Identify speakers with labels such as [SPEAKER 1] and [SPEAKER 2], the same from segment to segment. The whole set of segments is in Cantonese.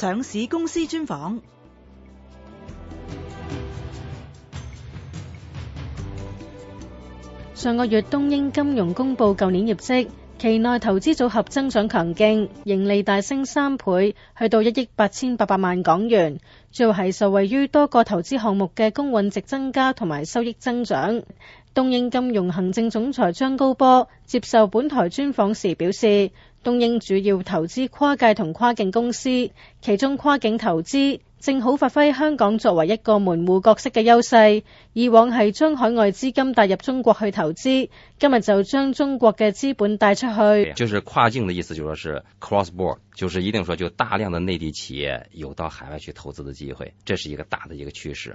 [SPEAKER 1] 上市公司專訪。上個月，東英金融公佈舊年業績，期內投資組合增長強勁，盈利大升三倍，去到一億八千八百萬港元，主要係受惠於多個投資項目嘅公允值增加同埋收益增長。東英金融行政總裁張高波接受本台專訪時表示。東英主要投資跨界同跨境公司，其中跨境投資正好發揮香港作為一個門戶角色嘅優勢。以往係將海外資金帶入中國去投資，今日就將中國嘅資本帶出去。
[SPEAKER 2] 就是跨境的意思，就是說是 cross-border，就是一定說就大量的內地企業有到海外去投資的機會，這是一個大的一個趨勢。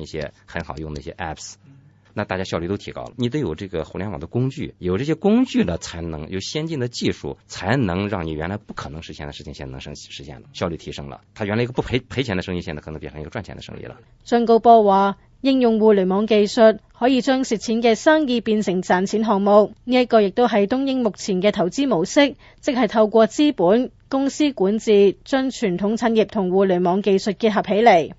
[SPEAKER 2] 一些很好用的一些 apps，那大家效率都提高了。你得有這個互聯網的工具，有這些工具了，才能有先進的技術，才能讓你原來不可能實現的事情，現在能實現了，效率提升了。他原來一個不賠賠錢的生意，現在可能變成一個賺錢的生意了。
[SPEAKER 1] 張高波話：應用互聯網技術可以將蝕錢嘅生意變成賺錢項目，呢一個亦都係東英目前嘅投資模式，即係透過資本公司管治，將傳統產業同互聯網技術結合起嚟。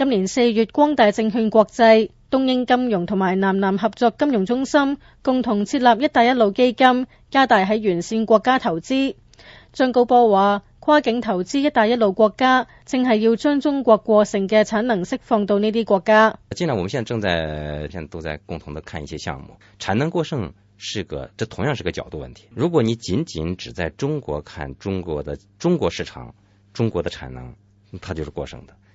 [SPEAKER 1] 今年四月，光大證券國際、東英金融同埋南南合作金融中心共同設立“一帶一路”基金，加大喺沿綫國家投資。張高波話：跨境投資“一帶一路”國家，正係要將中國過剩嘅產能釋放到呢啲國家。
[SPEAKER 2] 進來我們現在正在，現在都在共同的看一些項目。產能過剩是個，這同樣是個角度問題。如果你僅僅只在中國看中國的中國的市場，中國的產能，它就是過剩的。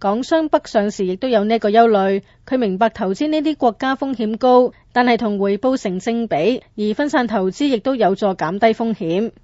[SPEAKER 1] 港商北上時亦都有呢個憂慮，佢明白投資呢啲國家風險高，但係同回報成正比，而分散投資亦都有助減低風險。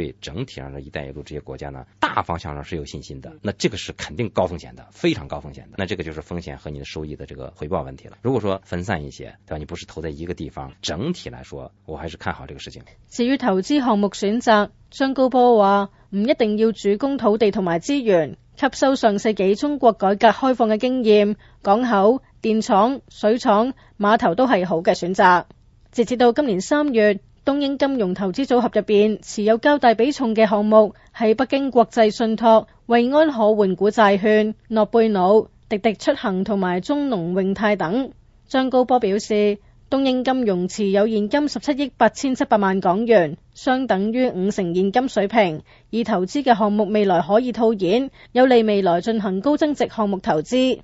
[SPEAKER 2] 對整體上的一帶一路這些國家呢，大方向上是有信心的。那這個是肯定高風險的，非常高風險的。那這個就是風險和你的收益的這個回報問題了。如果說分散一些，對吧？你不是投在一個地方，整體來說，我還是看好這個事情。
[SPEAKER 1] 至於投資項目選擇，張高波話，唔一定要主攻土地同埋資源，吸收上世紀中國改革開放嘅經驗，港口、電廠、水廠、碼頭都係好嘅選擇。直至到今年三月。東英金融投資組合入邊持有較大比重嘅項目係北京國際信託、惠安可換股債券、諾貝努、滴滴出行同埋中農永泰等。張高波表示，東英金融持有現金十七億八千七百萬港元，相等於五成現金水平，以投資嘅項目未來可以套現，有利未來進行高增值項目投資。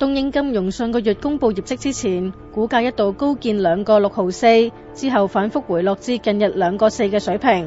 [SPEAKER 1] 東英金融上個月公布業績之前，股價一度高見兩個六毫四，之後反覆回落至近日兩個四嘅水平。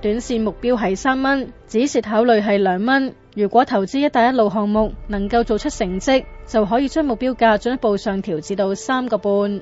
[SPEAKER 1] 短線目標係三蚊，止蝕考慮係兩蚊。如果投資一帶一路項目能夠做出成績，就可以將目標價進一步上調至到三個半。